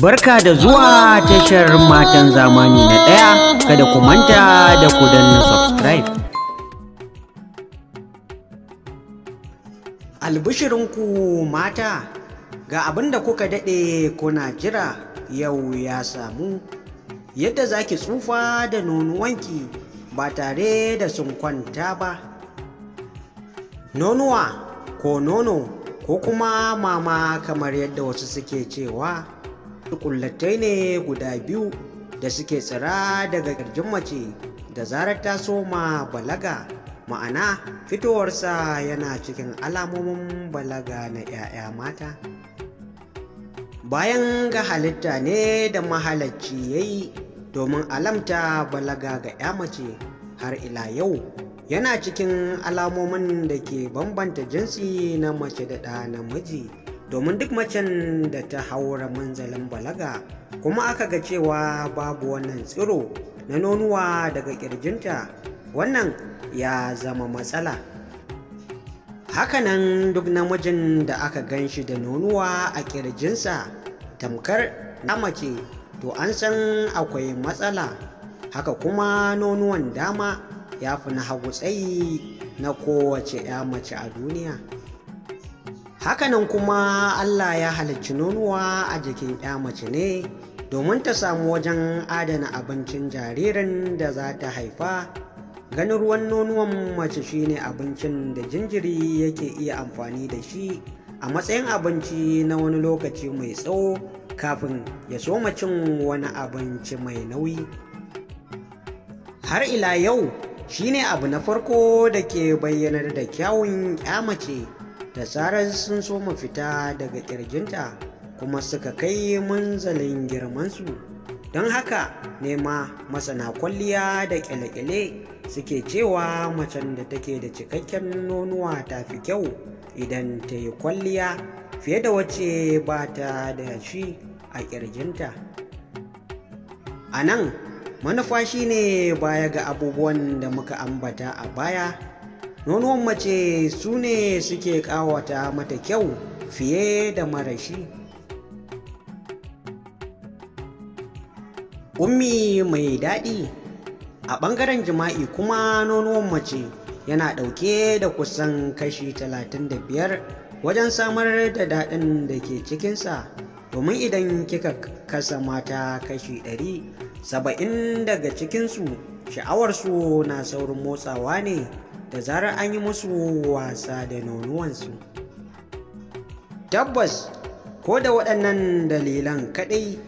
Barka da zuwa tashar matan zamani na ɗaya kada ku manta da ku danna subscribe. Albishirinku mata ga abin da kuka daɗe kuna jira yau ya samu yadda za ki tsufa da nonuwanki ba tare da sun kwanta ba. Nonuwa ko nono ko kuma mama kamar yadda wasu suke cewa. kullatai ne guda biyu da suke tsira daga ƙirjin mace da zarar ta soma balaga ma'ana fitowarsa yana cikin alamomin balaga na 'ya'ya mata bayan ga halitta ne da mahalarci ya yi domin alamta balaga ga 'ya mace har ila yau yana cikin alamomin da ke bambanta jinsi na mace da ɗa namiji domin duk macen da ta haura manzalin balaga kuma aka ga cewa babu wannan tsiro na nonuwa daga kirjinta wannan ya zama matsala hakanan duk namijin da aka gan shi da nonuwa a kirjinsa tamkar na mace to an san akwai matsala haka kuma nonuwan dama ya fi na hagu tsayi na kowace 'ya mace a duniya hakanan kuma allah ya halicci nonuwa a jikin ya mace ne domin ta samu wajen adana abincin jaririn da za ta haifa ganin ruwan nonuwan mace shine abincin da jinjiri yake iya amfani da shi a matsayin abinci na wani lokaci mai tsawo kafin ya soma cin wani abinci mai nauyi har ila yau shine abu na farko da ke bayyanar da kyawun ya mace da zarar sun soma fita daga ƙirjinta kuma suka kai manzalin girmansu don haka nema masana kwalliya da ƙyale-ƙyale suke cewa macen da take da cikakken nonuwa ta fi kyau idan ta yi kwalliya fiye da wace ba ta da shi a ƙirjinta a nan manufa shine baya ga abubuwan da muka ambata a baya nonuwan mace su ne suke ƙawata mata kyau fiye da marashi ummi mai daɗi a ɓangaren jima'i kuma nonuwan mace yana ɗauke da kusan kashi 35 wajen samar da daɗin da ke cikinsa domin idan kika kasa mata kashi 100 saba'in daga cikinsu sha'awarsu na saurin motsawa ne da zarar an yi musu wasa da nonuwansu tabbas ko da waɗannan dalilan kaɗai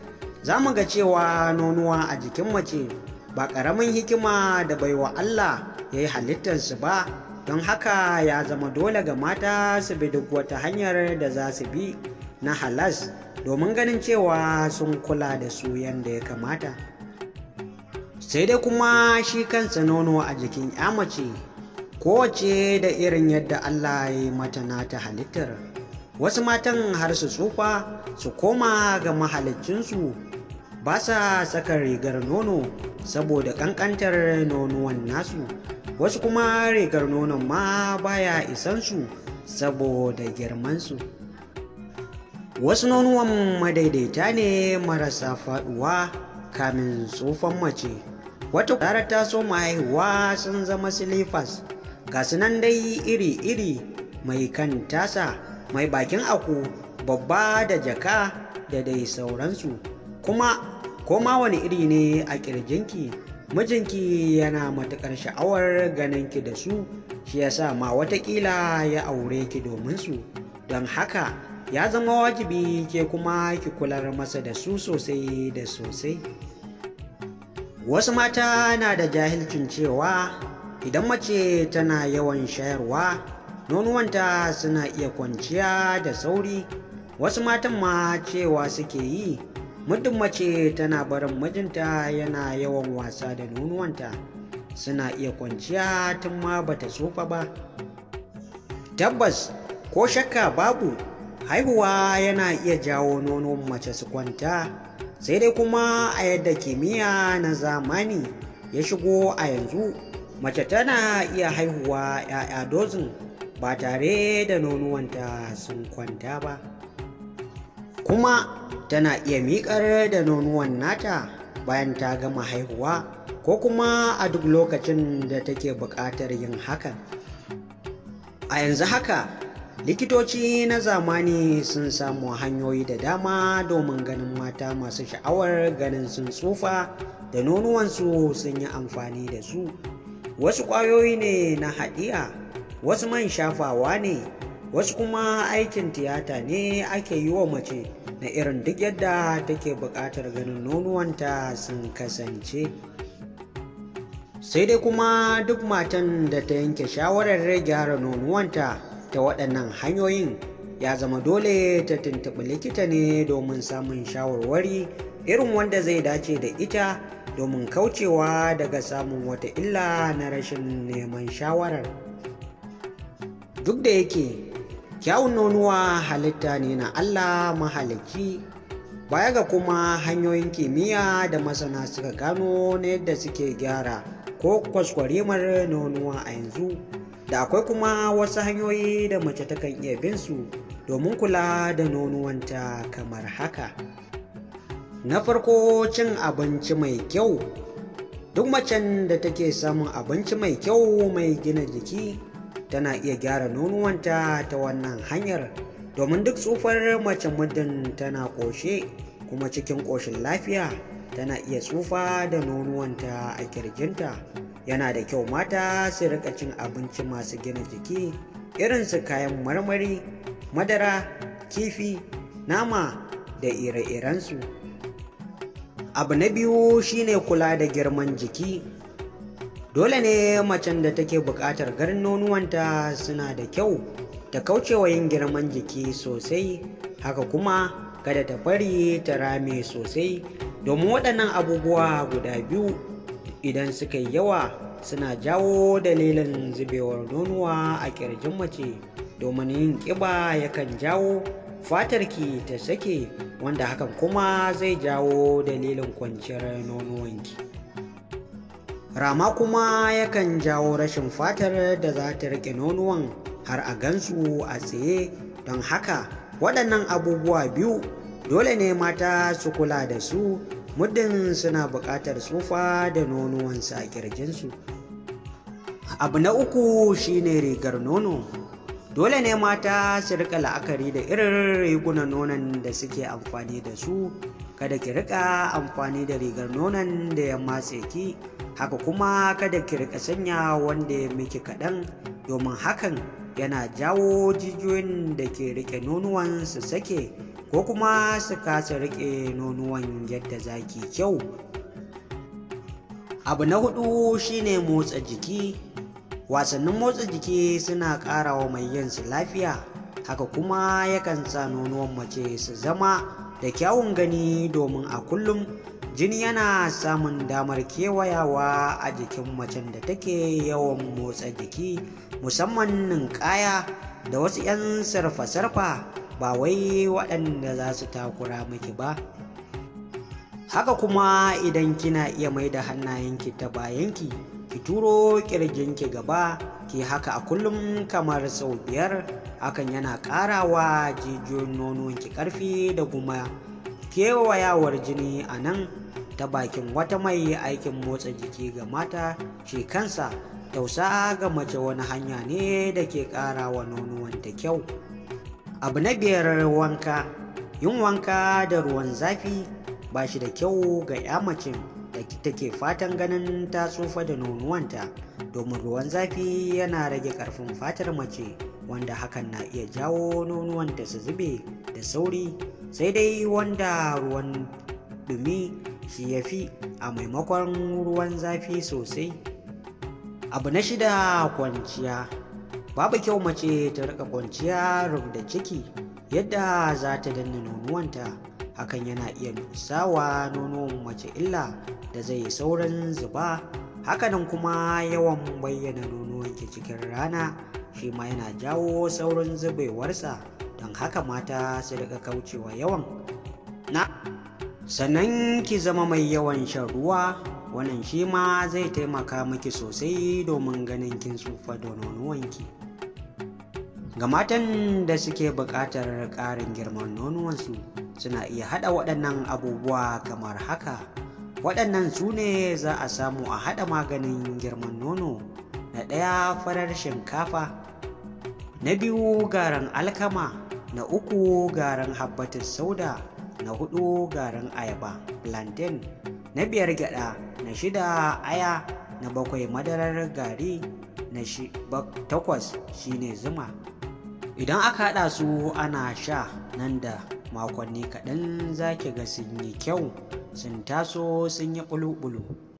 za mu ga cewa nonuwa a jikin mace ba ƙaramin hikima da baiwa Allah ya yi halittarsu ba don haka ya zama dole ga mata su bi duk wata hanyar da za su bi na halas domin ganin cewa sun kula da su yadda ya kamata sai dai kuma shi kansa nono a jikin 'ya mace kowace da irin yadda Allah ya yi mata nata halittar wasu matan har su tsufa su koma ga mahalicinsu ba sa saka rigar nono saboda ƙanƙantar nonuwan nasu wasu kuma rigar nonon ma baya isansu saboda girmansu wasu nonuwan madaidaita ne marasa faɗuwa kamin tsufan mace wata ta so mahaihuwa sun zama silifas ga nan dai iri-iri mai kan tasa mai bakin aku babba da jaka da dai sauransu kuma koma wani iri ne a ƙirjinki, mijinki yana matuƙar sha'awar ganinki da su shi ya sa ma watakila ya aure ki domin su don haka ya zama wajibi ke kuma ki kular masa da su sosai da sosai wasu mata na da jahilcin cewa idan mace tana yawan shayarwa nonuwanta suna iya kwanciya da sauri wasu matan ma cewa suke yi muddin mace tana barin mijinta yana yawan wasa da nonuwanta suna iya kwanciya tun ma bata tsufa ba tabbas ko shakka babu haihuwa yana iya jawo nonon mace su kwanta sai dai kuma a yadda kimiyya na zamani ya shigo a yanzu mace tana iya haihuwa 'ya'ya dozin ba tare da nonuwanta sun kwanta ba kuma tana iya miƙar da nonuwan nata bayan ta gama haihuwa ko kuma a duk lokacin da take buƙatar yin hakan a yanzu haka likitoci na zamani sun samu hanyoyi da dama domin ganin mata masu sha'awar ganin sun tsufa da nonuwansu sun yi amfani da su wasu ƙwayoyi ne na haɗiya wasu man shafawa ne wasu kuma aikin tiyata ne ake yi wa mace na irin duk yadda take buƙatar ganin nonuwanta sun kasance sai dai kuma duk matan da ta yanke shawarar rage hara nonuwanta ta waɗannan hanyoyin ya zama dole ta tuntuɓi likita ne domin samun shawarwari irin wanda zai dace da ita domin kaucewa daga samun wata illa na rashin neman shawarar duk da yake kyawun nonuwa halitta ne na allah mahalicci baya ga kuma hanyoyin kimiyya da masana suka gano na yadda suke gyara ko kwaskwarimar nonuwa a yanzu da akwai kuma wasu hanyoyi da mace takan iya bin su domin kula da nonuwanta kamar haka na farko cin abinci mai kyau duk macen da take samun abinci mai kyau mai gina jiki tana iya gyara nonuwanta ta wannan hanyar domin duk tsufar mace muddin tana ƙoshe kuma cikin ƙoshin lafiya tana iya tsufa da nonuwanta a kirjinta yana da kyau mata su rika cin abinci masu gina jiki irin su kayan marmari madara kifi nama da ire-irensu abu na biyu shine kula da girman jiki dole ne macen da take buƙatar garin nonuwanta suna da kyau ta kaucewa yin girman jiki sosai haka kuma kada ta bari ta rame sosai domin waɗannan abubuwa guda biyu idan suka yi yawa suna jawo dalilin zubewar nonuwa a ƙirjin mace domin yin ƙiba yakan jawo fatarki ta sake wanda hakan kuma zai jawo dalilin kwanciyar nonuwan ki. rama kuma yakan jawo rashin fatar da za ta rike nonuwan har a gansu a tsaye don haka waɗannan abubuwa biyu dole ne mata su kula da su muddin suna buƙatar tsufa da nonuwansu a kirjinsu abu na uku shine rigar nono dole ne mata su rika la'akari da irin rigunan nonon da suke amfani da su kada ki rika amfani da rigar nonon da ya matse ki haka kuma kada ki rika sanya wanda ya miki kaɗan domin hakan yana jawo jijiyoyin da ke rike nonuwan su sake ko kuma su kasa rike nonuwan yadda zaki kyau abu na hudu shine motsa jiki wasannin motsa jiki suna ƙara wa mai yin su lafiya haka kuma yakan sa nonuwan mace su zama da kyawun gani domin a kullum jini yana samun damar kewayawa a jikin macen da take yawan motsa jiki musamman ninkaya da wasu 'yan sarfa-sarfa ba wai waɗanda za su takura miki ba haka kuma idan kina iya mai da hannayenki ta bayanki ki turo ki gaba ki haka a kullum kamar sau biyar hakan yana ƙarawa jijiyoyin ki karfi da kuma kewayawar jini a nan ta bakin wata mai aikin motsa jiki ga mata shi kansa tausa ga mace wani hanya ne da ke ƙarawa nonuwanta kyau abu na biyar wanka yin wanka da ruwan zafi ba shi da kyau ga 'ya macin da take fatan ganin ta tsufa da nonuwanta domin ruwan zafi yana rage karfin fatar mace wanda hakan na iya jawo nonuwanta su zube da sauri sai dai wanda ruwan dumi shi ya fi a maimakon ruwan zafi sosai abu na shida kwanciya babu kyau mace ta rika kwanciya rub da ciki yadda za ta danna nonuwanta hakan yana iya nusawa nono mace illa da zai yi sauran zuba hakanan kuma yawan bayyana nono yake cikin rana shi ma yana jawo sauran zubewarsa don haka mata su daga kaucewa yawan na sannan ki zama mai yawan shan ruwa wannan shi ma zai taimaka miki sosai domin ganin kin tsufa da nonuwanki ga matan da suke buƙatar ƙarin girman nonuwansu suna iya haɗa waɗannan abubuwa kamar haka waɗannan su ne za a samu a haɗa maganin girman nono na ɗaya farar shinkafa na biyu garin alkama na uku garin habbatin sauda na hudu garin ayaba plantain na biyar gyada na shida aya na bakwai madarar gari na takwas shine zuma idan aka haɗa su ana sha nan da makonni kaɗan zaki ga sun yi kyau sun taso sun yi ɓulu